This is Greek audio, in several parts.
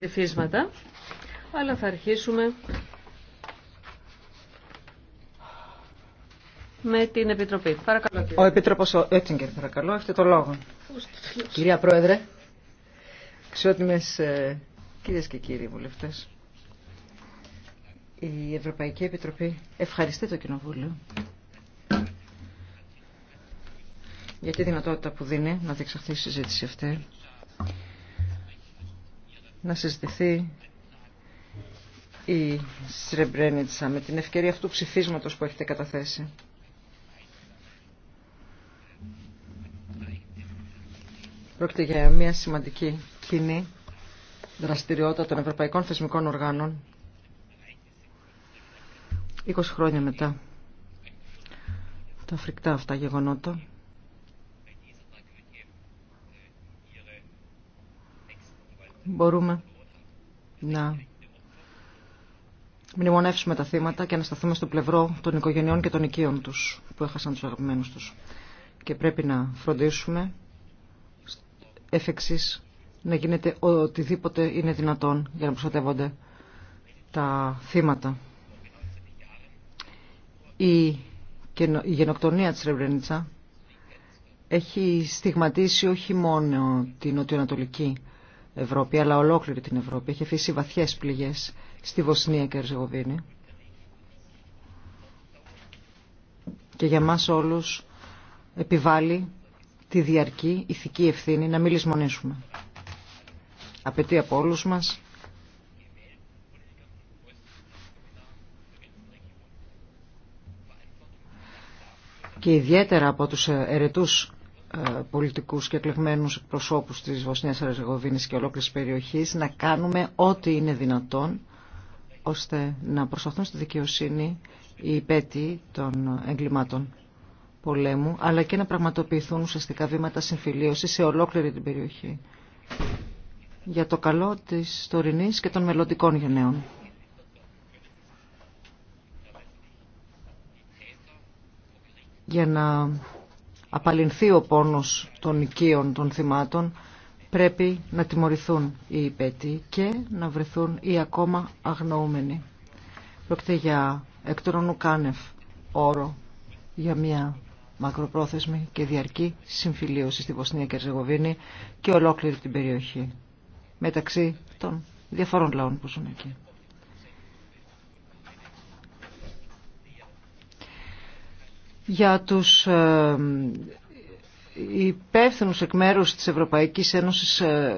ψηφίσματα, αλλά θα αρχίσουμε με την Επιτροπή. Παρακαλώ, Ο Επίτροπος Έτσιγκερ, παρακαλώ, έχετε το λόγο. Κυρία Πρόεδρε, αξιότιμες ε, κυρίες και κύριοι βουλευτές, η Ευρωπαϊκή Επιτροπή ευχαριστεί το Κοινοβούλιο για τη δυνατότητα που δίνει να διεξαχθεί η συζήτηση αυτή να συζητηθεί η Σρεμπρένιτσα με την ευκαιρία αυτού ψηφίσματος που έχετε καταθέσει. Πρόκειται για μια σημαντική κοινή δραστηριότητα των Ευρωπαϊκών Θεσμικών Οργάνων 20 χρόνια μετά τα φρικτά αυτά γεγονότα μπορούμε να μνημονεύσουμε τα θύματα και να σταθούμε στο πλευρό των οικογενειών και των οικείων τους που έχασαν τους αγαπημένους τους. Και πρέπει να φροντίσουμε εφ' να γίνεται οτιδήποτε είναι δυνατόν για να προστατεύονται τα θύματα. Η γενοκτονία της Ρεμπρενίτσα έχει στιγματίσει όχι μόνο την νοτιοανατολική Ευρώπη, αλλά ολόκληρη την Ευρώπη. Έχει αφήσει βαθιές πληγές στη Βοσνία και Ερζεγοβίνη. Και για μας όλους επιβάλλει τη διαρκή ηθική ευθύνη να μην λησμονήσουμε. Απαιτεί από όλους μας και ιδιαίτερα από τους ερετούς ε, πολιτικούς και εκλεγμένους προσώπους της Βοσνίας Ρεζεγοβίνης και ολόκληρης περιοχής να κάνουμε ό,τι είναι δυνατόν ώστε να προσταθούν στη δικαιοσύνη οι υπέτη των εγκλημάτων πολέμου αλλά και να πραγματοποιηθούν ουσιαστικά βήματα συμφιλίωσης σε ολόκληρη την περιοχή για το καλό της τωρινής και των μελλοντικών γενναίων. για να απαλυνθεί ο πόνος των οικείων των θυμάτων, πρέπει να τιμωρηθούν οι υπέτοι και να βρεθούν οι ακόμα αγνοούμενοι. Πρόκειται για εκ όρο για μια μακροπρόθεσμη και διαρκή συμφιλίωση στη Βοσνία και Ερζεγοβίνη και ολόκληρη την περιοχή μεταξύ των διαφορών λαών που ζουν εκεί. για τους ε, υπεύθυνου εκ μέρου τη Ευρωπαϊκή Ένωση ε,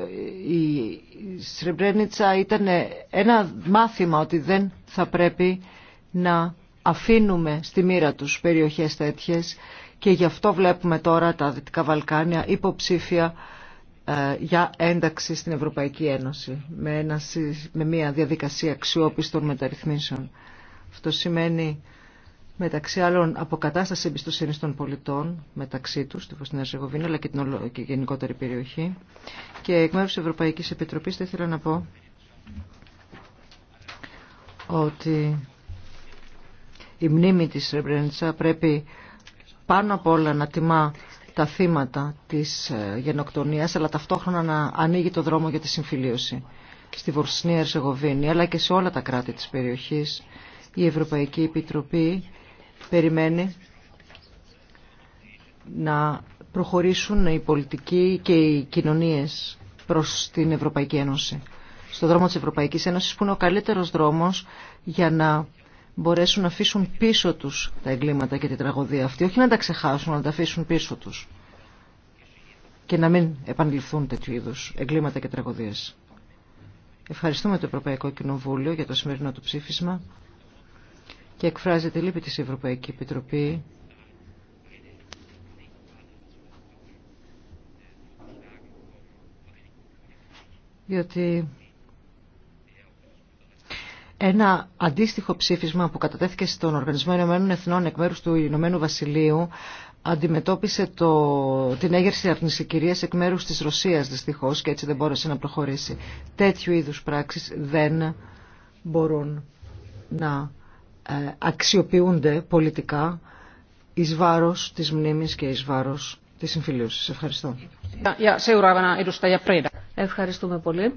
η Σρεμπρένιτσα ήταν ένα μάθημα ότι δεν θα πρέπει να αφήνουμε στη μοίρα τους περιοχές τέτοιες και γι' αυτό βλέπουμε τώρα τα Δυτικά Βαλκάνια υποψήφια ε, για ένταξη στην Ευρωπαϊκή Ένωση με, με μια διαδικασία αξιόπιστων μεταρρυθμίσεων. Αυτό σημαίνει μεταξύ άλλων αποκατάσταση εμπιστοσύνη των πολιτών μεταξύ τους, στη Βοσνία αλλά και την ολο... γενικότερη περιοχή. Και εκ μέρου τη Ευρωπαϊκή Επιτροπή θα ήθελα να πω ότι η μνήμη της Ρεμπρέντσα πρέπει πάνω απ' όλα να τιμά τα θύματα της ε, γενοκτονίας αλλά ταυτόχρονα να ανοίγει το δρόμο για τη συμφιλίωση στη Βοσνία αλλά και σε όλα τα κράτη της περιοχής η Ευρωπαϊκή Επιτροπή περιμένει να προχωρήσουν οι πολιτικοί και οι κοινωνίες προς την Ευρωπαϊκή Ένωση. Στον δρόμο της Ευρωπαϊκής Ένωσης που είναι ο καλύτερος δρόμος για να μπορέσουν να αφήσουν πίσω τους τα εγκλήματα και την τραγωδία αυτή. Όχι να τα ξεχάσουν, να τα αφήσουν πίσω τους. Και να μην επανληφθούν τέτοιου είδους εγκλήματα και τραγωδίες. Ευχαριστούμε το Ευρωπαϊκό Κοινοβούλιο για το σημερινό του ψήφισμα και εκφράζεται τη λύπη της Ευρωπαϊκή Επιτροπή διότι ένα αντίστοιχο ψήφισμα που κατατέθηκε στον Οργανισμό Ηνωμένων Εθνών εκ μέρους του Ηνωμένου Βασιλείου αντιμετώπισε το, την έγερση αρνησικυρίας εκ μέρους της Ρωσίας δυστυχώς και έτσι δεν μπόρεσε να προχωρήσει. Τέτοιου είδους πράξεις δεν μπορούν να ε, αξιοποιούνται πολιτικά εις βάρος της μνήμης και εις βάρος της συμφιλίωσης. Ευχαριστώ. Ευχαριστούμε πολύ.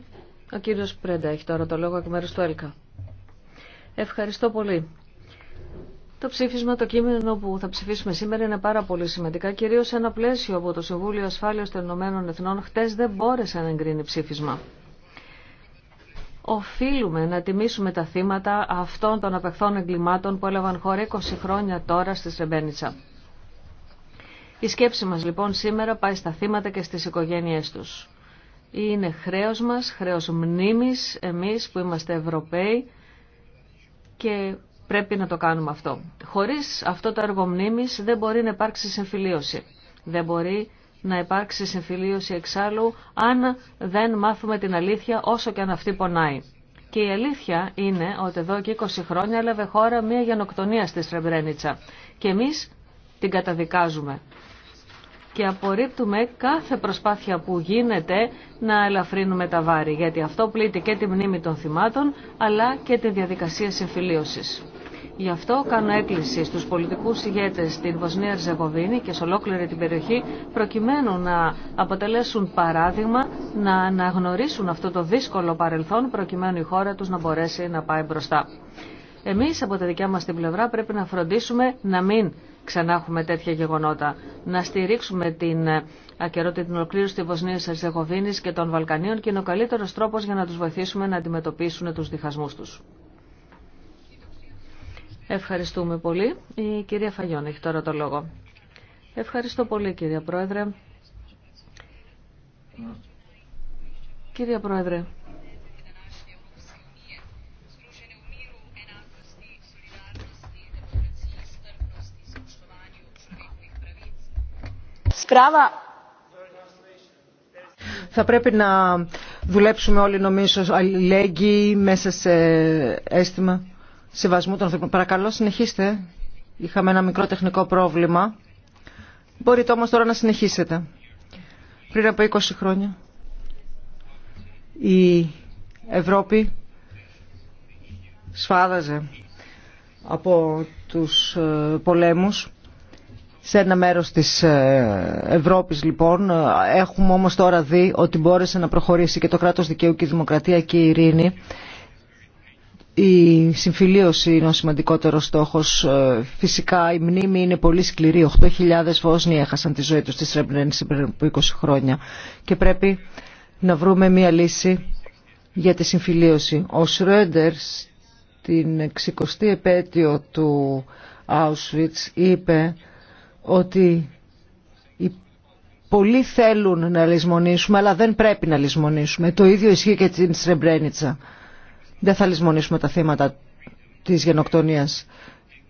Ο κύριος Πρέντα έχει τώρα το λόγο εκ μέρους του ΕΛΚΑ. Ευχαριστώ πολύ. Το ψήφισμα, το κείμενο που θα ψηφίσουμε σήμερα είναι πάρα πολύ σημαντικά, κυρίως σε ένα πλαίσιο από το Συμβούλιο Ασφάλειας των Ηνωμένων Εθνών χτες δεν μπόρεσε να εγκρίνει ψήφισμα οφείλουμε να τιμήσουμε τα θύματα αυτών των απεχθών εγκλημάτων που έλαβαν χώρα 20 χρόνια τώρα στη Σρεμπένιτσα. Η σκέψη μας λοιπόν σήμερα πάει στα θύματα και στις οικογένειές τους. Είναι χρέος μας, χρέος μνήμης, εμείς που είμαστε Ευρωπαίοι και πρέπει να το κάνουμε αυτό. Χωρίς αυτό το έργο μνήμης δεν μπορεί να υπάρξει συμφιλίωση. Δεν μπορεί να υπάρξει συμφιλίωση εξάλλου αν δεν μάθουμε την αλήθεια όσο και αν αυτή πονάει. Και η αλήθεια είναι ότι εδώ και 20 χρόνια έλαβε χώρα μια γενοκτονία στη Σρεμπρένιτσα και εμείς την καταδικάζουμε. Και απορρίπτουμε κάθε προσπάθεια που γίνεται να ελαφρύνουμε τα βάρη, γιατί αυτό πλήττει και τη μνήμη των θυμάτων, αλλά και τη διαδικασία συμφιλίωσης. Γι' αυτό κάνω έκκληση στους πολιτικούς ηγέτες στην Βοσνία Ριζεγοβίνη και σε ολόκληρη την περιοχή προκειμένου να αποτελέσουν παράδειγμα, να αναγνωρίσουν αυτό το δύσκολο παρελθόν προκειμένου η χώρα τους να μπορέσει να πάει μπροστά. Εμείς από τα δικιά μας την πλευρά πρέπει να φροντίσουμε να μην ξανά έχουμε τέτοια γεγονότα. Να στηρίξουμε την ακερότητα την ολοκλήρωση τη Βοσνία Ριζεγοβίνη και των Βαλκανίων και είναι ο καλύτερο τρόπο για να του βοηθήσουμε να αντιμετωπίσουν του διχασμού του. Ευχαριστούμε πολύ. Η κυρία Φαγιών έχει τώρα το λόγο. Ευχαριστώ πολύ κυρία Πρόεδρε. Κυρία Πρόεδρε, Θα πρέπει να δουλέψουμε όλοι νομίζω αλληλέγγυοι μέσα σε αίσθημα σεβασμού των ανθρώπων. Παρακαλώ συνεχίστε. Είχαμε ένα μικρό τεχνικό πρόβλημα. Μπορείτε όμως τώρα να συνεχίσετε. Πριν από 20 χρόνια η Ευρώπη σφάδαζε από τους ε, πολέμους σε ένα μέρος της ε, Ευρώπης λοιπόν ε, έχουμε όμως τώρα δει ότι μπόρεσε να προχωρήσει και το κράτος δικαίου και η δημοκρατία και η ειρήνη η συμφιλίωση είναι ο σημαντικότερο στόχο. Ε, φυσικά η μνήμη είναι πολύ σκληρή. 8.000 Βόσνοι έχασαν τη ζωή του στη Σρεμπρένιτσα πριν από 20 χρόνια. Και πρέπει να βρούμε μία λύση για τη συμφιλίωση. Ο Σρέντερ την 60η επέτειο του Auschwitz είπε ότι πολλοί θέλουν να λησμονήσουμε αλλά δεν πρέπει να λησμονήσουμε. Το ίδιο ισχύει και στην Σρεμπρένιτσα. Δεν θα λησμονήσουμε τα θύματα της γενοκτονίας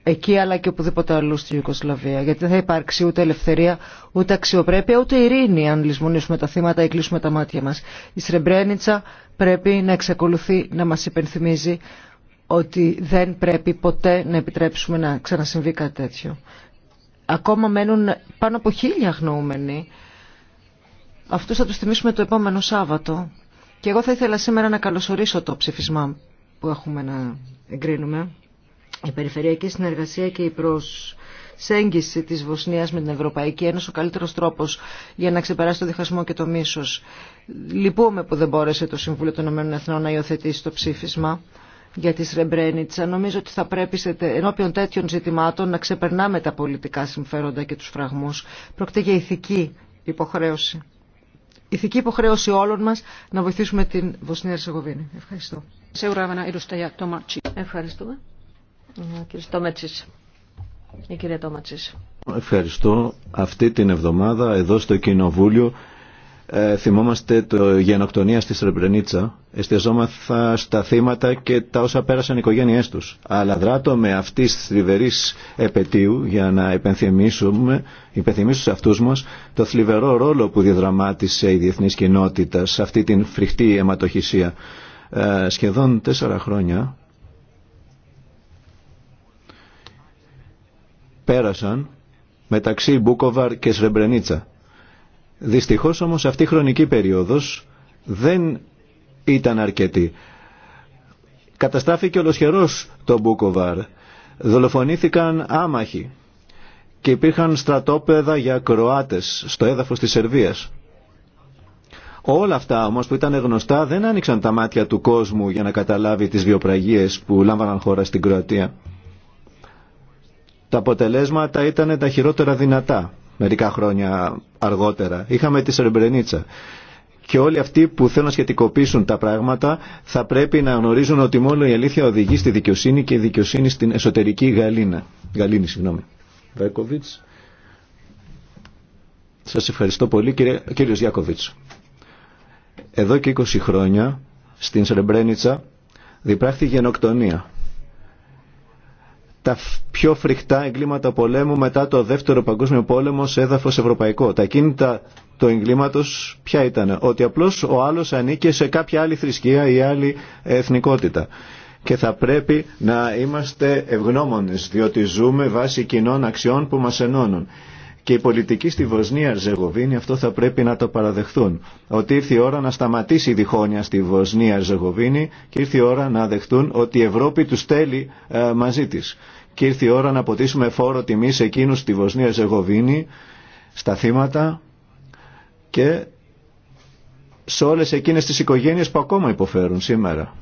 εκεί αλλά και οπουδήποτε αλλού στη Ιουκοσλαβία. Γιατί δεν θα υπάρξει ούτε ελευθερία, ούτε αξιοπρέπεια, ούτε ειρήνη αν λησμονήσουμε τα θύματα ή κλείσουμε τα μάτια μας. Η Σρεμπρένιτσα πρέπει να εξακολουθεί να μας υπενθυμίζει ότι δεν πρέπει ποτέ να επιτρέψουμε να ξανασυμβεί κάτι τέτοιο. Ακόμα μένουν πάνω από χίλια αγνοούμενοι. Αυτούς θα τους θυμίσουμε το επόμενο Σάββατο και εγώ θα ήθελα σήμερα να καλωσορίσω το ψηφισμά που έχουμε να εγκρίνουμε. Η περιφερειακή συνεργασία και η προσέγγιση της Βοσνίας με την Ευρωπαϊκή Ένωση ο καλύτερος τρόπος για να ξεπεράσει το διχασμό και το μίσος. Λυπούμε που δεν μπόρεσε το Συμβούλιο των Ηνωμένων Εθνών να υιοθετήσει το ψήφισμα για τη Σρεμπρένιτσα. Νομίζω ότι θα πρέπει σε, ενώπιον τέτοιων ζητημάτων να ξεπερνάμε τα πολιτικά συμφέροντα και τους φραγμούς. Πρόκειται για ηθική υποχρέωση ηθική υποχρέωση όλων μας να βοηθήσουμε την Βοσνία Ερσεγοβίνη. Ευχαριστώ. Ευχαριστούμε. Κύριε Τόματσις. Η κυρία Τόματσις. Ευχαριστώ. Αυτή την εβδομάδα εδώ στο Κοινοβούλιο ε, θυμόμαστε το γενοκτονία στη Σρεμπρενίτσα, εστιαζόμαθα στα θύματα και τα όσα πέρασαν οι οικογένειές τους. Αλλά δράτω με αυτή τη θλιβερής επαιτίου για να υπενθυμίσουμε, υπενθυμίσουμε σε αυτούς μας το θλιβερό ρόλο που διαδραμάτισε η διεθνής κοινότητα σε αυτή την φρικτή αιματοχυσία. Ε, σχεδόν τέσσερα χρόνια πέρασαν μεταξύ Μπούκοβαρ και Σρεμπρενίτσα Δυστυχώς όμως αυτή η χρονική περίοδος δεν ήταν αρκετή. Καταστράφηκε ολοσχερός το Μπούκοβαρ. Δολοφονήθηκαν άμαχοι και υπήρχαν στρατόπεδα για Κροάτες στο έδαφος της Σερβίας. Όλα αυτά όμως που ήταν γνωστά δεν άνοιξαν τα μάτια του κόσμου για να καταλάβει τις βιοπραγίες που λάμβαναν χώρα στην Κροατία. Τα αποτελέσματα ήταν τα χειρότερα δυνατά μερικά χρόνια αργότερα. Είχαμε τη Σερμπρενίτσα. Και όλοι αυτοί που θέλουν να σχετικοποιήσουν τα πράγματα θα πρέπει να γνωρίζουν ότι μόνο η αλήθεια οδηγεί στη δικαιοσύνη και η δικαιοσύνη στην εσωτερική γαλίνα. Γαλήνη, συγγνώμη. Βέκοβιτς. Σας ευχαριστώ πολύ κύριε, κύριος Γιάκοβιτς. Εδώ και 20 χρόνια στην Σερμπρένιτσα, διπράχθη γενοκτονία τα πιο φρικτά εγκλήματα πολέμου μετά το δεύτερο παγκόσμιο πόλεμο σε έδαφος ευρωπαϊκό. Τα κίνητα του εγκλήματος ποια ήταν, ότι απλώς ο άλλος ανήκε σε κάποια άλλη θρησκεία ή άλλη εθνικότητα. Και θα πρέπει να είμαστε ευγνώμονες, διότι ζούμε βάσει κοινών αξιών που μας ενώνουν. Και οι πολιτικοί στη Βοσνία Ζεγοβίνη αυτό θα πρέπει να το παραδεχθούν. Ότι ήρθε η ώρα να σταματήσει η διχόνοια στη Βοσνία Ζεγοβίνη και ήρθε η ώρα να δεχτούν ότι η Ευρώπη του στέλνει ε, μαζί τη. Και ήρθε η ώρα να ποτίσουμε φόρο τιμή εκείνου στη Βοσνία Ζεγοβίνη στα θύματα και σε όλες εκείνες τις οικογένειες που ακόμα υποφέρουν σήμερα.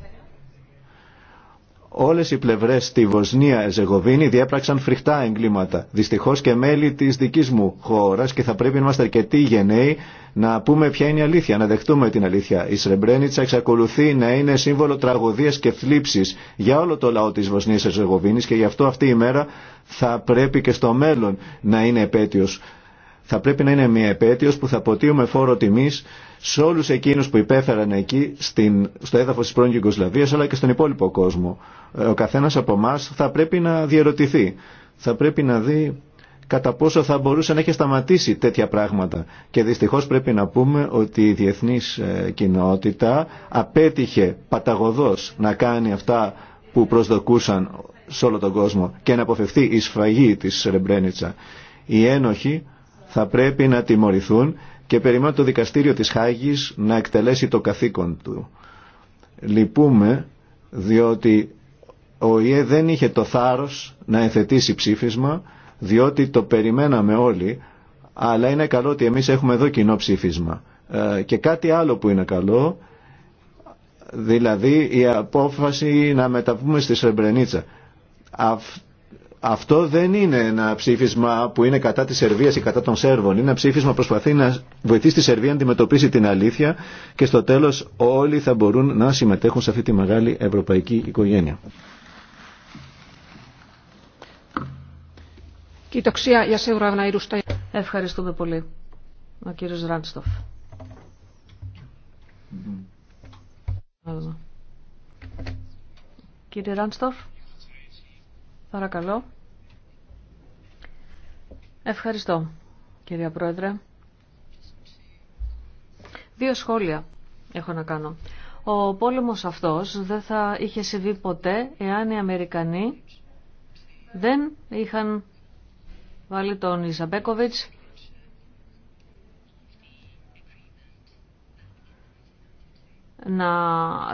Όλες οι πλευρές στη Βοσνία εζεγοβινη διέπραξαν φρικτά εγκλήματα. Δυστυχώς και μέλη της δικής μου χώρας και θα πρέπει να είμαστε αρκετοί γενναίοι να πούμε ποια είναι η αλήθεια, να δεχτούμε την αλήθεια. Η Σρεμπρένιτσα εξακολουθεί να είναι σύμβολο τραγωδίας και θλίψης για όλο το λαό της Βοσνίας εζεγοβινης και γι' αυτό αυτή η μέρα θα πρέπει και στο μέλλον να είναι επέτειος θα πρέπει να είναι μια επέτειος που θα αποτείουμε φόρο τιμής σε όλους εκείνους που υπέφεραν εκεί στην, στο έδαφος της πρώην Γιουγκοσλαβίας αλλά και στον υπόλοιπο κόσμο. Ε, ο καθένας από εμά θα πρέπει να διερωτηθεί. Θα πρέπει να δει κατά πόσο θα μπορούσε να έχει σταματήσει τέτοια πράγματα. Και δυστυχώς πρέπει να πούμε ότι η διεθνής ε, κοινότητα απέτυχε παταγωδός να κάνει αυτά που προσδοκούσαν σε όλο τον κόσμο και να αποφευθεί η σφαγή της Ρεμπρένιτσα. Οι ένοχοι θα πρέπει να τιμωρηθούν και περιμένω το δικαστήριο της Χάγης να εκτελέσει το καθήκον του. Λυπούμε διότι ο ΙΕ δεν είχε το θάρρος να εθετήσει ψήφισμα διότι το περιμέναμε όλοι αλλά είναι καλό ότι εμείς έχουμε εδώ κοινό ψήφισμα. Ε, και κάτι άλλο που είναι καλό δηλαδή η απόφαση να μεταβούμε στη Σρεμπρενίτσα. Αυτό δεν είναι ένα ψήφισμα που είναι κατά τη Σερβία ή κατά των Σέρβων. Είναι ένα ψήφισμα που προσπαθεί να βοηθήσει τη Σερβία να αντιμετωπίσει την αλήθεια και στο τέλο όλοι θα μπορούν να συμμετέχουν σε αυτή τη μεγάλη ευρωπαϊκή οικογένεια. Ευχαριστούμε πολύ. Ο Ράνστοφ. Κύριε Ράνστοφ. Παρακαλώ. Ευχαριστώ, κυρία Πρόεδρε. Δύο σχόλια έχω να κάνω. Ο πόλεμος αυτός δεν θα είχε συμβεί ποτέ εάν οι Αμερικανοί δεν είχαν βάλει τον Ιζαμπέκοβιτς να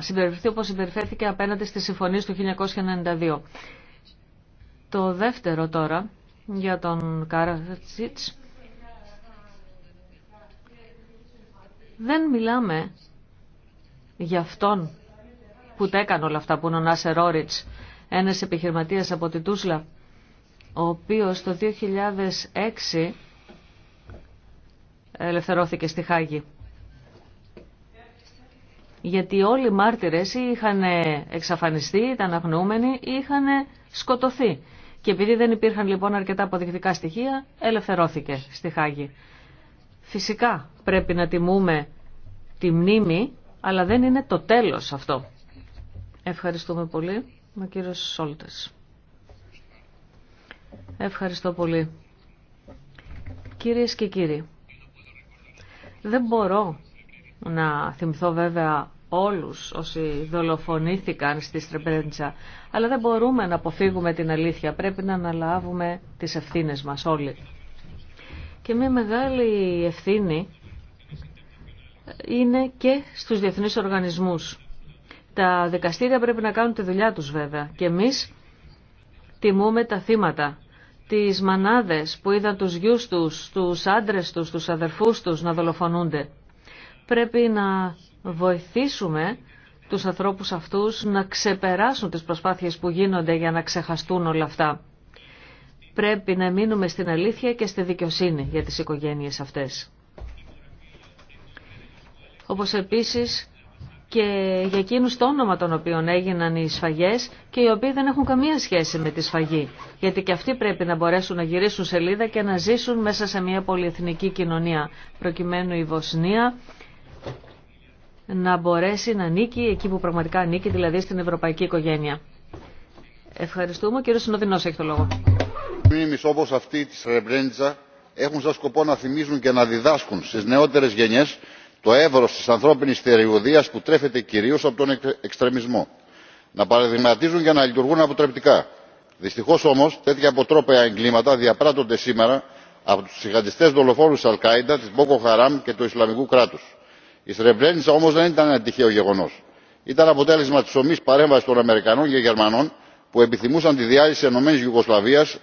συμπεριφερθεί όπως συμπεριφέρθηκε απέναντι στις συμφωνίες του 1992. Το δεύτερο τώρα για τον Κάρατσιτς. Δεν μιλάμε για αυτόν που τα έκανε όλα αυτά που είναι ο Νάσερ Ρόριτς, ένας επιχειρηματίας από την Τούσλα, ο οποίος το 2006 ελευθερώθηκε στη Χάγη. Γιατί όλοι οι μάρτυρες είχαν εξαφανιστεί, ήταν αγνοούμενοι ή είχαν σκοτωθεί. Και επειδή δεν υπήρχαν λοιπόν αρκετά αποδεικτικά στοιχεία, ελευθερώθηκε στη Χάγη. Φυσικά πρέπει να τιμούμε τη μνήμη, αλλά δεν είναι το τέλος αυτό. Ευχαριστούμε πολύ, ο κύριος Σόλτες. Ευχαριστώ πολύ. Κυρίες και κύριοι, δεν μπορώ να θυμηθώ βέβαια όλους όσοι δολοφονήθηκαν στη Στρεμπέντσα. Αλλά δεν μπορούμε να αποφύγουμε την αλήθεια. Πρέπει να αναλάβουμε τις ευθύνες μας όλοι. Και μια μεγάλη ευθύνη είναι και στους διεθνείς οργανισμούς. Τα δικαστήρια πρέπει να κάνουν τη δουλειά τους βέβαια. Και εμείς τιμούμε τα θύματα. Τις μανάδες που είδαν τους γιους τους, τους άντρες τους, τους αδερφούς τους να δολοφονούνται. Πρέπει να βοηθήσουμε τους ανθρώπους αυτούς να ξεπεράσουν τις προσπάθειες που γίνονται για να ξεχαστούν όλα αυτά. Πρέπει να μείνουμε στην αλήθεια και στη δικαιοσύνη για τις οικογένειες αυτές. Όπως επίσης και για εκείνους το όνομα των οποίων έγιναν οι σφαγές και οι οποίοι δεν έχουν καμία σχέση με τη σφαγή. Γιατί και αυτοί πρέπει να μπορέσουν να γυρίσουν σελίδα και να ζήσουν μέσα σε μια πολυεθνική κοινωνία. Προκειμένου η Βοσνία να μπορέσει να νίκει εκεί που πραγματικά νίκει, δηλαδή στην ευρωπαϊκή οικογένεια. Ευχαριστούμε. Ο κύριος Συνοδεινός έχει το λόγο. Μνήμης όπως αυτή της Ρεμπρέντζα έχουν σαν σκοπό να θυμίζουν και να διδάσκουν στις νεότερες γενιές το έβρος της ανθρώπινης θηριωδίας που τρέφεται κυρίως από τον εξτρεμισμό. Να παραδειγματίζουν και να λειτουργούν αποτρεπτικά. Δυστυχώς όμως τέτοια αποτρόπαια εγκλήματα διαπράττονται σήμερα από τους συγχαντιστές δολοφόνους Αλκάιντα, της Μπόκο Χαράμ και του Ισλαμικού κράτους η σρεμπρένιτσα όμω δεν ήταν ένα τυχαίο γεγονό. ήταν αποτέλεσμα τη ομή παρέμβαση των αμερικανών και γερμανών που επιθυμούσαν τη διάλυση της ενωμένης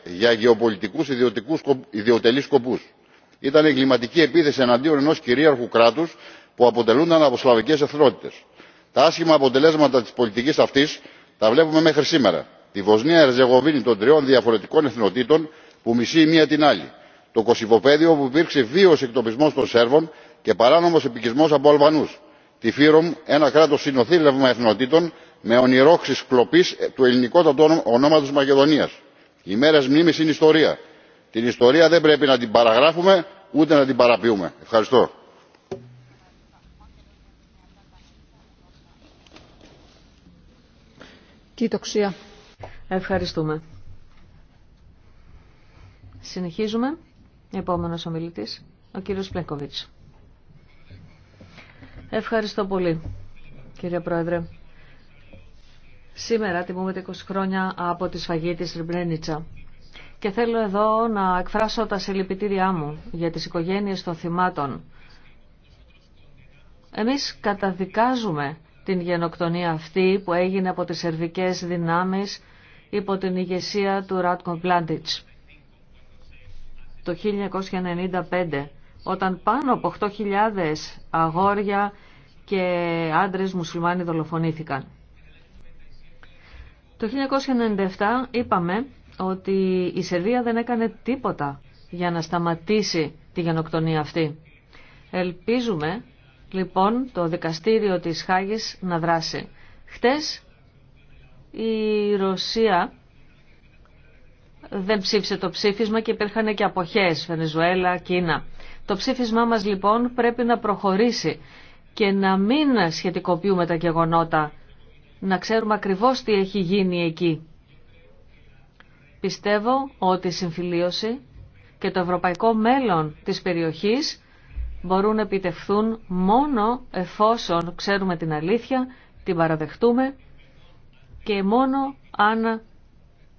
για γεωπολιτικού ιδιωτελεί σκοπού. ήταν εγκληματική επίθεση εναντίον ενό κυρίαρχου κράτου που αποτελούνταν από σλαβικέ εθνότητε. τα άσχημα αποτελέσματα τη πολιτική αυτή τα βλέπουμε μέχρι σήμερα. τη βοσνία ερζεγοβίνη των τριών διαφορετικών εθνοτήτων που μισεί η μία την άλλη; το κωσυφοπαίδιο όπου υπήρξε βίαιο εκτοπισμό των σέρβων και παράνομο επικισμό από αλβανού τη φύρομ ένα κράτο συνοθήλευμα εθνοτήτων με ονειρόξει κλοπή του ελληνικότατου ονόματο μακεδονία. οι μέρε μνήμη είναι ιστορία. την ιστορία δεν πρέπει να την παραγράφουμε ούτε να την παραποιούμε. ευχαριστώ. Ευχαριστούμε. Συνεχίζουμε. Επόμενος ομιλητής, ο κύριος Πλέκοβιτς. Ευχαριστώ πολύ, κύριε Πρόεδρε. Σήμερα τιμούμε τα 20 χρόνια από τη σφαγή της Ριμπρένιτσα. Και θέλω εδώ να εκφράσω τα συλληπιτήριά μου για τις οικογένειες των θυμάτων. Εμείς καταδικάζουμε την γενοκτονία αυτή που έγινε από τις σερβικές δυνάμεις υπό την ηγεσία του Ράτκον Πλάντιτς. Το 1995, όταν πάνω από 8.000 αγόρια και άντρες μουσουλμάνοι δολοφονήθηκαν. Το 1997 είπαμε ότι η Σερβία δεν έκανε τίποτα για να σταματήσει τη γενοκτονία αυτή. Ελπίζουμε λοιπόν το δικαστήριο της Χάγης να δράσει. Χτες η Ρωσία δεν ψήφισε το ψήφισμα και υπήρχαν και αποχές, Βενεζουέλα, Κίνα. Το ψήφισμά μας λοιπόν πρέπει να προχωρήσει και να μην σχετικοποιούμε τα γεγονότα, να ξέρουμε ακριβώς τι έχει γίνει εκεί. Πιστεύω ότι η συμφιλίωση και το ευρωπαϊκό μέλλον της περιοχής μπορούν να επιτευχθούν μόνο εφόσον ξέρουμε την αλήθεια, την παραδεχτούμε και μόνο αν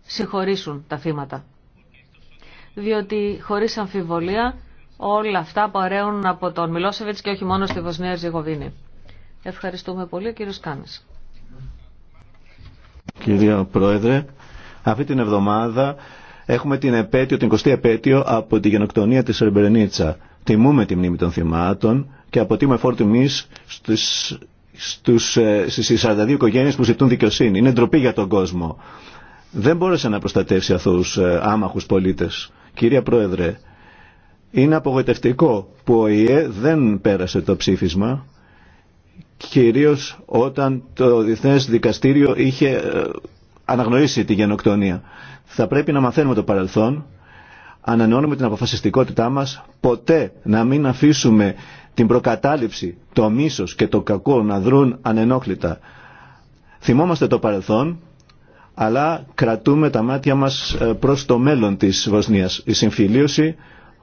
συγχωρήσουν τα θύματα. Διότι χωρίς αμφιβολία Όλα αυτά παρέουν από τον Μιλόσεβιτς και όχι μόνο στη Βοσνία Ζηγοβίνη. Ευχαριστούμε πολύ κύριο Σκάνης. Κύριε Πρόεδρε, αυτή την εβδομάδα έχουμε την επέτειο, την 20η επέτειο από τη γενοκτονία της Ρεμπερενίτσα. Τιμούμε τη μνήμη των θυμάτων και αποτείμε φόρτι στους, στους, ε, στις 42 οικογένειες που ζητούν δικαιοσύνη. Είναι ντροπή για τον κόσμο. Δεν μπόρεσε να προστατεύσει αθώους ε, άμαχους πολίτες. Κυρία Πρόεδρε, είναι απογοητευτικό που ο ΙΕ δεν πέρασε το ψήφισμα, κυρίως όταν το Διεθνές Δικαστήριο είχε ε, αναγνωρίσει τη γενοκτονία. Θα πρέπει να μαθαίνουμε το παρελθόν, ανανεώνουμε την αποφασιστικότητά μας, ποτέ να μην αφήσουμε την προκατάληψη, το μίσος και το κακό να δρουν ανενόχλητα. Θυμόμαστε το παρελθόν, αλλά κρατούμε τα μάτια μας ε, προς το μέλλον της Βοσνίας. Η συμφιλίωση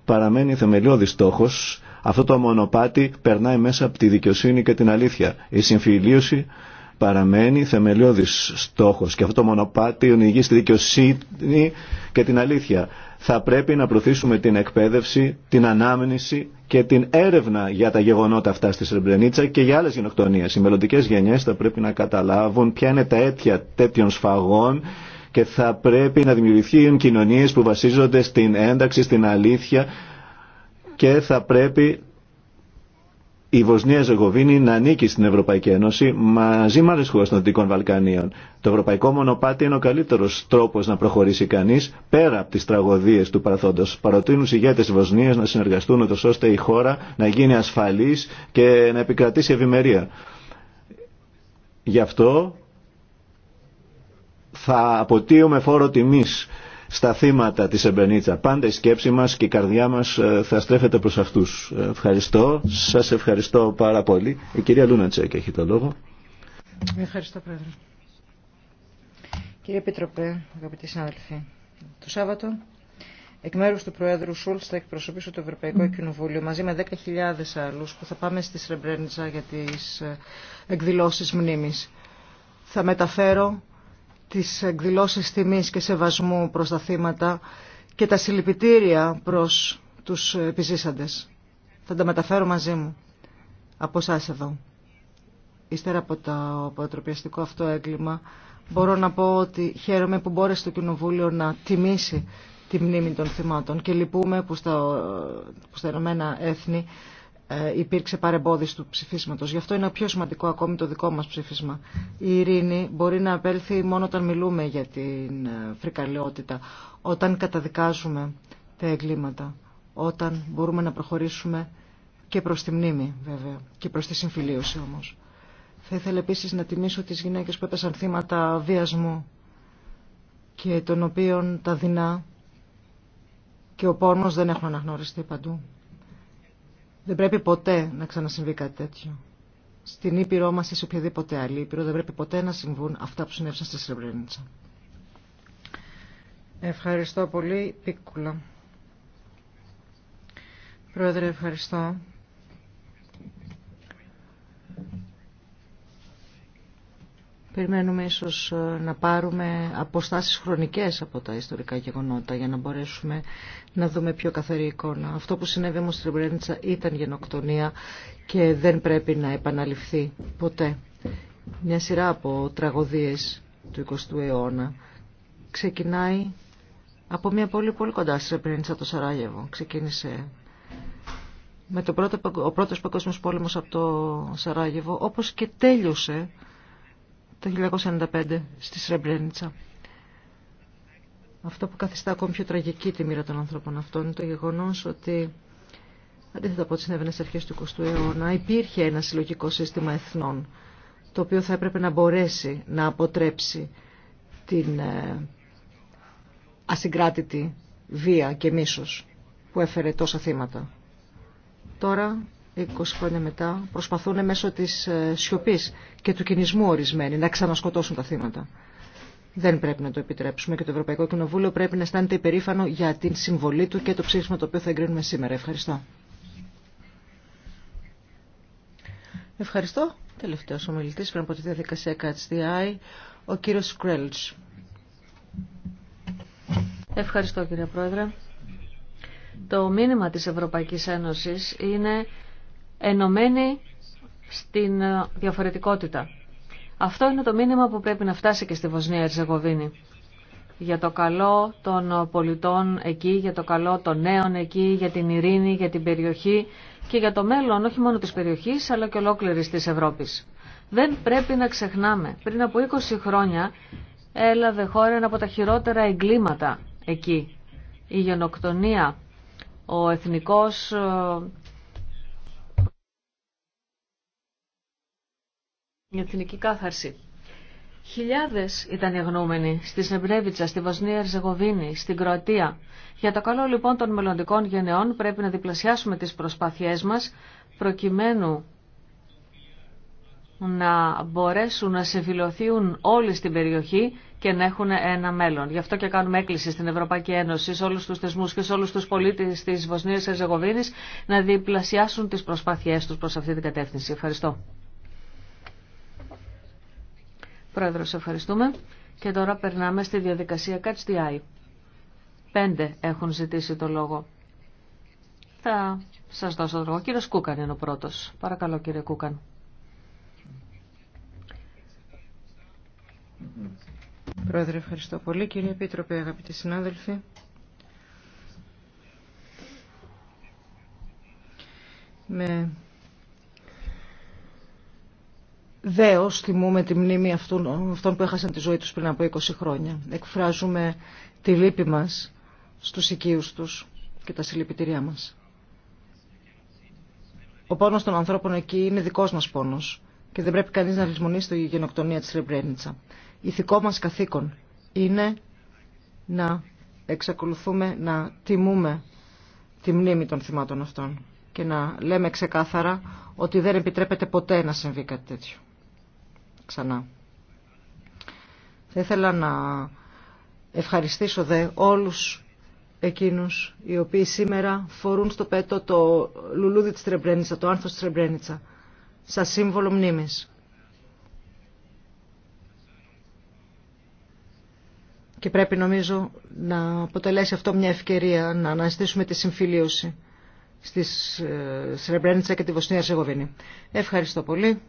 παραμένει θεμελιώδης στόχος. Αυτό το μονοπάτι περνάει μέσα από τη δικαιοσύνη και την αλήθεια. Η συμφιλίωση παραμένει θεμελιώδης στόχος και αυτό το μονοπάτι οδηγεί στη δικαιοσύνη και την αλήθεια. Θα πρέπει να προωθήσουμε την εκπαίδευση, την ανάμνηση και την έρευνα για τα γεγονότα αυτά στη Σρεμπρενίτσα και για άλλες γενοκτονίες. Οι μελλοντικέ γενιές θα πρέπει να καταλάβουν ποια είναι τα αίτια τέτοιων σφαγών και θα πρέπει να δημιουργηθούν κοινωνίες που βασίζονται στην ένταξη, στην αλήθεια και θα πρέπει η Βοσνία Ζεγοβίνη να ανήκει στην Ευρωπαϊκή Ένωση μαζί με άλλε χώρε των Δυτικών Βαλκανίων. Το ευρωπαϊκό μονοπάτι είναι ο καλύτερο τρόπο να προχωρήσει κανεί πέρα από τι τραγωδίε του παρελθόντο. Παροτείνουν οι ηγέτε να συνεργαστούν ούτω ώστε η χώρα να γίνει ασφαλή και να επικρατήσει ευημερία. Γι' αυτό θα αποτείουμε φόρο τιμής στα θύματα της Εμπενίτσα. Πάντα η σκέψη μας και η καρδιά μας ε, θα στρέφεται προς αυτούς. Ε, ευχαριστώ. Σας ευχαριστώ πάρα πολύ. Η κυρία Λούνατσέκ έχει το λόγο. Ευχαριστώ πρόεδρε. Κύριε Επίτροπε, αγαπητοί συνάδελφοι, το Σάββατο εκ μέρου του Προέδρου Σούλτ θα εκπροσωπήσω το Ευρωπαϊκό Κοινοβούλιο μαζί με 10.000 άλλου που θα πάμε στη Σρεμπρένιτσα για τι ε, εκδηλώσει μνήμη. Θα μεταφέρω τις εκδηλώσεις τιμής και σεβασμού προς τα θύματα και τα συλληπιτήρια προς τους επιζήσαντες. Θα τα μεταφέρω μαζί μου από εσά εδώ. Ύστερα από το αποτροπιαστικό αυτό έγκλημα μπορώ να πω ότι χαίρομαι που μπόρεσε το Κοινοβούλιο να τιμήσει τη μνήμη των θυμάτων και λυπούμε που στα, που στα Έθνη ε, υπήρξε παρεμπόδιση του ψηφίσματος. Γι' αυτό είναι πιο σημαντικό ακόμη το δικό μας ψήφισμα. Η ειρήνη μπορεί να απέλθει μόνο όταν μιλούμε για την ε, φρικαλαιότητα, όταν καταδικάζουμε τα εγκλήματα, όταν μπορούμε να προχωρήσουμε και προς τη μνήμη βέβαια και προς τη συμφιλίωση όμως. Θα ήθελα επίσης να τιμήσω τις γυναίκες που έπεσαν θύματα βιασμού και των οποίων τα δεινά και ο πόνος δεν έχουν αναγνωριστεί παντού. Δεν πρέπει ποτέ να ξανασυμβεί κάτι τέτοιο. Στην Ήπειρό μας ή σε οποιαδήποτε άλλη Ήπειρο δεν πρέπει ποτέ να συμβούν αυτά που συνέβησαν στη Σρεμπρίνιτσα. Ευχαριστώ πολύ, Πίκουλα. Πρόεδρε, ευχαριστώ. Περιμένουμε ίσως ε, να πάρουμε αποστάσεις χρονικές από τα ιστορικά γεγονότα για να μπορέσουμε να δούμε πιο καθαρή εικόνα. Αυτό που συνέβη όμως στην Ρεμπρένιτσα ήταν γενοκτονία και δεν πρέπει να επαναληφθεί ποτέ. Μια σειρά από τραγωδίες του 20ου αιώνα ξεκινάει από μια πόλη πολύ κοντά στη Ρεμπρένιτσα, το Σαράγεβο. Ξεκίνησε με το πρώτο, ο πρώτος παγκόσμιος πόλεμος από το Σαράγεβο, όπως και τέλειωσε το 1995 στη Σρεμπρένιτσα. Αυτό που καθιστά ακόμη πιο τραγική τη μοίρα των ανθρώπων αυτών είναι το γεγονός ότι αντίθετα από ό,τι συνέβαινε στι αρχές του 20ου αιώνα υπήρχε ένα συλλογικό σύστημα εθνών το οποίο θα έπρεπε να μπορέσει να αποτρέψει την ε, ασυγκράτητη βία και μίσος που έφερε τόσα θύματα. Τώρα 20 χρόνια μετά προσπαθούν μέσω της ε, σιωπή και του κινησμού ορισμένοι να ξανασκοτώσουν τα θύματα. Δεν πρέπει να το επιτρέψουμε και το Ευρωπαϊκό Κοινοβούλιο πρέπει να αισθάνεται υπερήφανο για την συμβολή του και το ψήφισμα το οποίο θα εγκρίνουμε σήμερα. Ευχαριστώ. Ευχαριστώ. Τελευταίο ομιλητή πριν από τη διαδικασία ο κύριο Κρέλτ. Ευχαριστώ κύριε Πρόεδρε. Το μήνυμα της Ευρωπαϊκής Ένωσης είναι ενωμένοι στην ε, διαφορετικότητα. Αυτό είναι το μήνυμα που πρέπει να φτάσει και στη Βοσνία Ερζεγοβίνη. Για το καλό των πολιτών εκεί, για το καλό των νέων εκεί, για την ειρήνη, για την περιοχή και για το μέλλον όχι μόνο της περιοχής αλλά και ολόκληρης της Ευρώπης. Δεν πρέπει να ξεχνάμε. Πριν από 20 χρόνια έλαβε χώρα ένα από τα χειρότερα εγκλήματα εκεί. Η γενοκτονία, ο εθνικός ε, για την κάθαρση. Χιλιάδε ήταν οι αγνούμενοι στη Σεμπρέβιτσα, στη Βοσνία Ερζεγοβίνη, στην Κροατία. Για το καλό λοιπόν των μελλοντικών γενεών πρέπει να διπλασιάσουμε τι προσπάθειές μα προκειμένου να μπορέσουν να συμφιλωθούν όλοι στην περιοχή και να έχουν ένα μέλλον. Γι' αυτό και κάνουμε έκκληση στην Ευρωπαϊκή Ένωση, σε όλου του θεσμού και σε όλου του πολίτε τη Βοσνία Ερζεγοβίνης να διπλασιάσουν τι προσπάθειές του προ αυτή την κατεύθυνση. Ευχαριστώ. Πρόεδρος, ευχαριστούμε. Και τώρα περνάμε στη διαδικασία Catch the Πέντε έχουν ζητήσει το λόγο. Θα σας δώσω το λόγο. Κύριος Κούκαν είναι ο πρώτος. Παρακαλώ κύριε Κούκαν. Πρόεδρε, ευχαριστώ πολύ. Κύριε Επίτροπε, αγαπητοί συνάδελφοι. Με Δέος θυμούμε τη μνήμη αυτών, αυτών που έχασαν τη ζωή τους πριν από 20 χρόνια. Εκφράζουμε τη λύπη μας στους οικείους τους και τα συλληπιτήριά μας. Ο πόνος των ανθρώπων εκεί είναι δικός μας πόνος και δεν πρέπει κανείς να λησμονήσει τη γενοκτονία της Ρεμπρένιτσα. Ηθικό μας καθήκον είναι να εξακολουθούμε να τιμούμε τη μνήμη των θυμάτων αυτών και να λέμε ξεκάθαρα ότι δεν επιτρέπεται ποτέ να συμβεί κάτι τέτοιο ξανά. Θα ήθελα να ευχαριστήσω δε όλους εκείνους οι οποίοι σήμερα φορούν στο πέτο το λουλούδι της Τρεμπρένιτσα, το άνθος της Τρεμπρένιτσα, σαν σύμβολο μνήμης. Και πρέπει νομίζω να αποτελέσει αυτό μια ευκαιρία να αναστήσουμε τη συμφιλίωση στη ε, Σρεμπρένιτσα και τη Βοσνία Σεγοβίνη. Ευχαριστώ πολύ.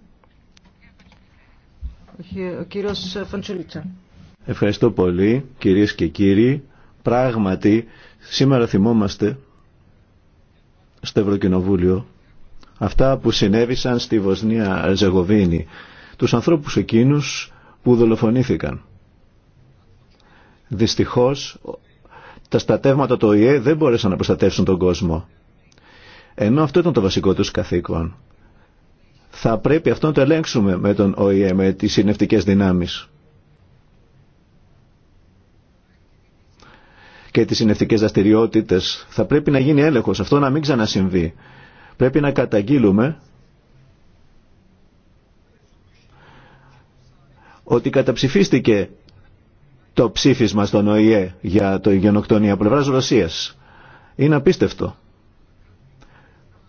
Ευχαριστώ πολύ κυρίες και κύριοι. Πράγματι, σήμερα θυμόμαστε στο Ευρωκοινοβούλιο αυτά που συνέβησαν στη Βοσνία Ζεγοβίνη, τους ανθρώπους εκείνους που δολοφονήθηκαν. Δυστυχώς, τα στατεύματα του ΟΗΕ δεν μπόρεσαν να προστατεύσουν τον κόσμο. Ενώ αυτό ήταν το βασικό τους καθήκον θα πρέπει αυτό να το ελέγξουμε με τον ΟΗΕ, με τις συνευτικές δυνάμεις. και τις συνευτικές δραστηριότητε. Θα πρέπει να γίνει έλεγχος. Αυτό να μην ξανασυμβεί. Πρέπει να καταγγείλουμε ότι καταψηφίστηκε το ψήφισμα στον ΟΗΕ για το γενοκτονία πλευράς Ρωσίας. Είναι απίστευτο.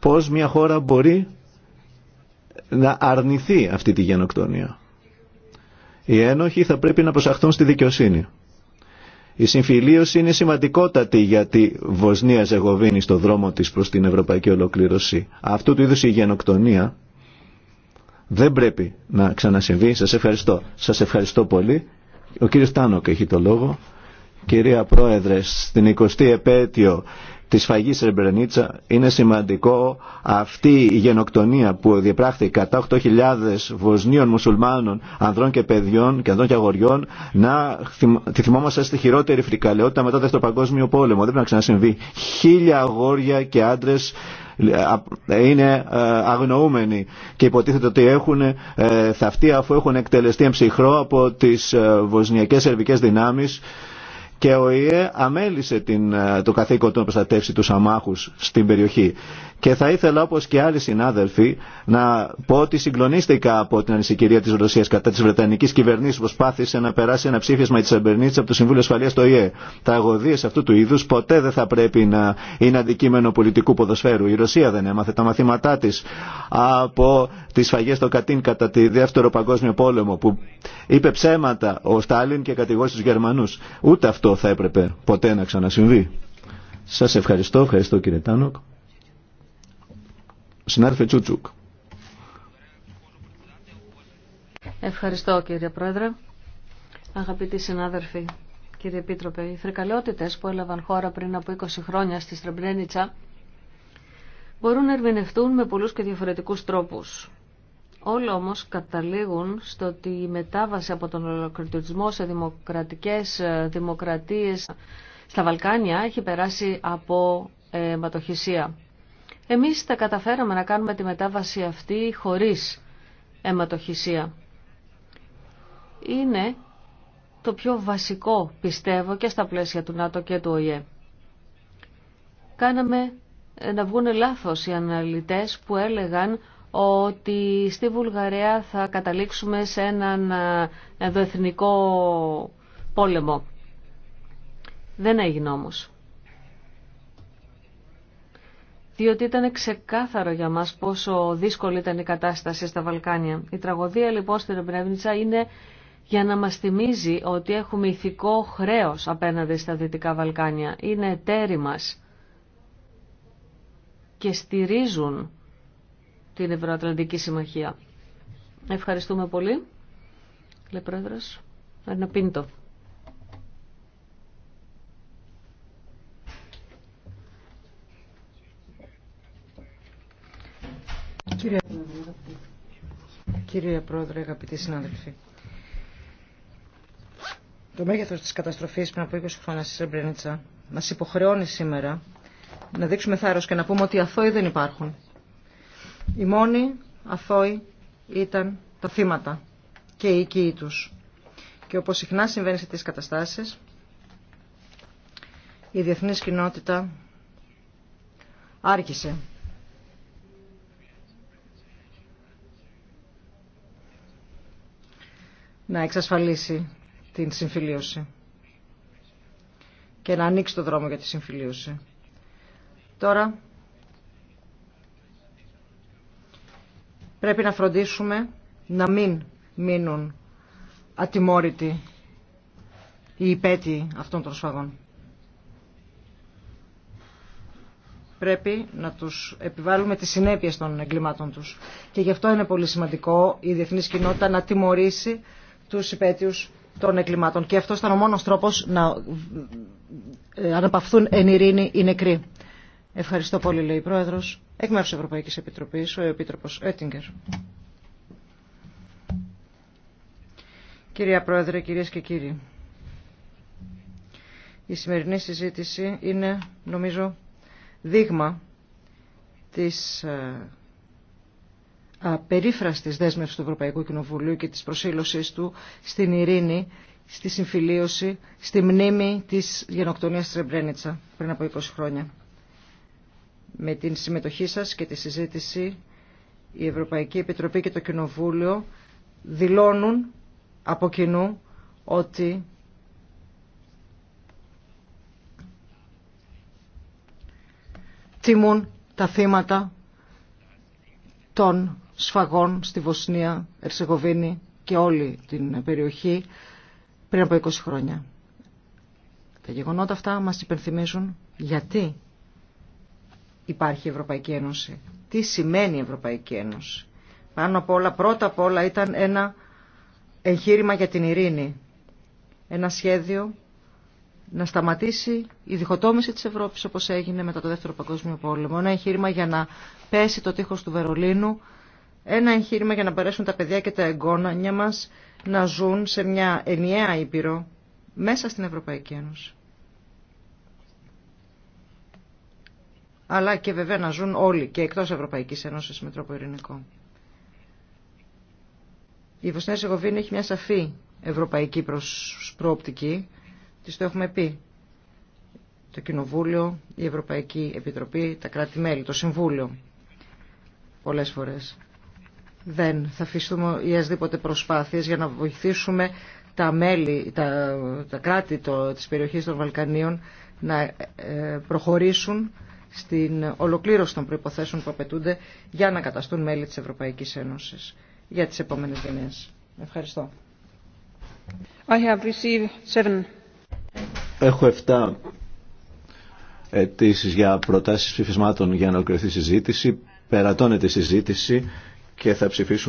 Πώς μια χώρα μπορεί να αρνηθεί αυτή τη γενοκτονία. Οι ένοχοι θα πρέπει να προσαχθούν στη δικαιοσύνη. Η συμφιλίωση είναι σημαντικότατη για τη Βοσνία Ζεγοβίνη στο δρόμο της προς την ευρωπαϊκή ολοκλήρωση. Αυτού του είδους η γενοκτονία δεν πρέπει να ξανασυμβεί. Σας ευχαριστώ. Σας ευχαριστώ πολύ. Ο κύριος Τάνοκ έχει το λόγο. Κυρία Πρόεδρε, στην 20η επέτειο τη σφαγή Σρεμπρενίτσα είναι σημαντικό αυτή η γενοκτονία που διεπράχθη κατά 8.000 Βοσνίων μουσουλμάνων, ανδρών και παιδιών και ανδρών και αγοριών να τη θυμόμαστε στη χειρότερη φρικαλαιότητα μετά το Δεύτερο Παγκόσμιο Πόλεμο. Δεν πρέπει να ξανασυμβεί. Χίλια αγόρια και άντρε είναι ε, αγνοούμενοι και υποτίθεται ότι έχουν ε, θαυτεί αφού έχουν εκτελεστεί εμψυχρό από τις ε, βοσνιακές σερβικές δυνάμεις και ο ΙΕ αμέλησε την, ε, το καθήκον του να προστατεύσει τους αμάχους στην περιοχή και θα ήθελα όπω και άλλοι συνάδελφοι να πω ότι συγκλονίστηκα από την ανησυχία τη Ρωσία, κατά τη βρετανική κυβερνήση που προσπάθησε να περάσει ένα ψήφισμα τη Αμπερνίτης από το Συμβούλιο Ασφαλεία στο ΙΕ. Τα αγωδίε αυτού του είδου ποτέ δεν θα πρέπει να είναι αντικείμενο πολιτικού ποδοσφαίρου. Η Ρωσία δεν έμαθε τα μαθήματά τη από τι σφαγέ στο Κατίν κατά τη Δεύτερο Παγκόσμιο Πόλεμο που είπε ψέματα ο Στάλιν και κατηγόρησε του Γερμανού. Ούτε αυτό θα έπρεπε ποτέ να ξανασυμβεί. Σα ευχαριστώ. Ευχαριστώ κύριε Τάνοκ. Συνάδελφε Τσούτσουκ. Ευχαριστώ κύριε Πρόεδρε. Αγαπητοί συνάδελφοι, κύριε Επίτροπε, οι φρικαλαιότητες που έλαβαν χώρα πριν από 20 χρόνια στη Στρεμπρένιτσα μπορούν να ερμηνευτούν με πολλούς και διαφορετικούς τρόπους. Όλοι όμως καταλήγουν στο ότι η μετάβαση από τον ολοκληρωτισμό σε δημοκρατικές ε, δημοκρατίες στα Βαλκάνια έχει περάσει από ε, ματοχυσία. Εμείς τα καταφέραμε να κάνουμε τη μετάβαση αυτή χωρίς αιματοχυσία. Είναι το πιο βασικό, πιστεύω, και στα πλαίσια του ΝΑΤΟ και του ΟΗΕ. Κάναμε ε, να βγουν λάθος οι αναλυτές που έλεγαν ότι στη Βουλγαρία θα καταλήξουμε σε έναν ε, ενδοεθνικό πόλεμο. Δεν έγινε όμως διότι ήταν ξεκάθαρο για μας πόσο δύσκολη ήταν η κατάσταση στα Βαλκάνια. Η τραγωδία λοιπόν στην Ρεμπνεύνητσα είναι για να μας θυμίζει ότι έχουμε ηθικό χρέος απέναντι στα Δυτικά Βαλκάνια. Είναι εταίροι μας και στηρίζουν την Ευρωατλαντική Συμμαχία. Ευχαριστούμε πολύ. Λέει Πρόεδρος, Πίντο. Κύριε Πρόεδρε, αγαπητοί συνάδελφοι. Το μέγεθος της καταστροφής πριν από 20 χρόνια στη Σεμπρενίτσα μας υποχρεώνει σήμερα να δείξουμε θάρρος και να πούμε ότι οι αθώοι δεν υπάρχουν. Οι μόνοι αθώοι ήταν τα θύματα και οι οικοί τους. Και όπως συχνά συμβαίνει σε τις καταστάσεις, η διεθνής κοινότητα άρχισε να εξασφαλίσει την συμφιλίωση και να ανοίξει το δρόμο για τη συμφιλίωση. Τώρα πρέπει να φροντίσουμε να μην μείνουν ατιμόρυτοι οι υπέτειοι αυτών των σφαγών. πρέπει να τους επιβάλλουμε τις συνέπειες των εγκλημάτων τους. Και γι' αυτό είναι πολύ σημαντικό η διεθνής κοινότητα να τιμωρήσει τους υπέτειους των εγκλημάτων. Και αυτός ήταν ο μόνος τρόπος να ε, αναπαυθούν εν ειρήνη οι νεκροί. Ευχαριστώ πολύ, λέει η Πρόεδρος. Εκ μέρους της Ευρωπαϊκής Επιτροπής, ο Επίτροπος Έτιγκερ. Κυρία Πρόεδρε, κυρίες και κύριοι. Η σημερινή συζήτηση είναι, νομίζω, δείγμα της ε, περίφραστης δέσμευσης του Ευρωπαϊκού Κοινοβουλίου και της προσήλωσής του στην ειρήνη, στη συμφιλίωση, στη μνήμη της γενοκτονίας Τρεμπρένιτσα πριν από 20 χρόνια. Με την συμμετοχή σας και τη συζήτηση, η Ευρωπαϊκή Επιτροπή και το Κοινοβούλιο δηλώνουν από κοινού ότι τιμούν τα θύματα των σφαγών στη Βοσνία, Ερσεγοβίνη και όλη την περιοχή πριν από 20 χρόνια. Τα γεγονότα αυτά μας υπενθυμίζουν γιατί υπάρχει η Ευρωπαϊκή Ένωση. Τι σημαίνει η Ευρωπαϊκή Ένωση. Πάνω απ' όλα, πρώτα απ' όλα ήταν ένα εγχείρημα για την ειρήνη. Ένα σχέδιο να σταματήσει η διχοτόμηση της Ευρώπης όπως έγινε μετά το Δεύτερο Παγκόσμιο Πόλεμο. Ένα εγχείρημα για να πέσει το τείχος του Βερολίνου ένα εγχείρημα για να μπορέσουν τα παιδιά και τα εγγόνια μας να ζουν σε μια ενιαία Ήπειρο μέσα στην Ευρωπαϊκή Ένωση. αλλά και βέβαια να ζουν όλοι και εκτός Ευρωπαϊκής Ένωσης με τρόπο ειρηνικό. Η Βοσνία Σεγοβίνη έχει μια σαφή ευρωπαϊκή προοπτική, της το έχουμε πει. Το Κοινοβούλιο, η Ευρωπαϊκή Επιτροπή, τα κράτη-μέλη, το Συμβούλιο πολλές φορές δεν θα αφήσουμε οιασδήποτε προσπάθειες για να βοηθήσουμε τα μέλη, τα, τα κράτη το, της περιοχής των Βαλκανίων να ε, προχωρήσουν στην ολοκλήρωση των προϋποθέσεων που απαιτούνται για να καταστούν μέλη της Ευρωπαϊκής Ένωσης για τις επόμενες γενιές. Ευχαριστώ. Έχω 7 αιτήσει για προτάσεις ψηφισμάτων για να ολοκληρωθεί η συζήτηση. Περατώνεται η συζήτηση και θα ψηφίσουν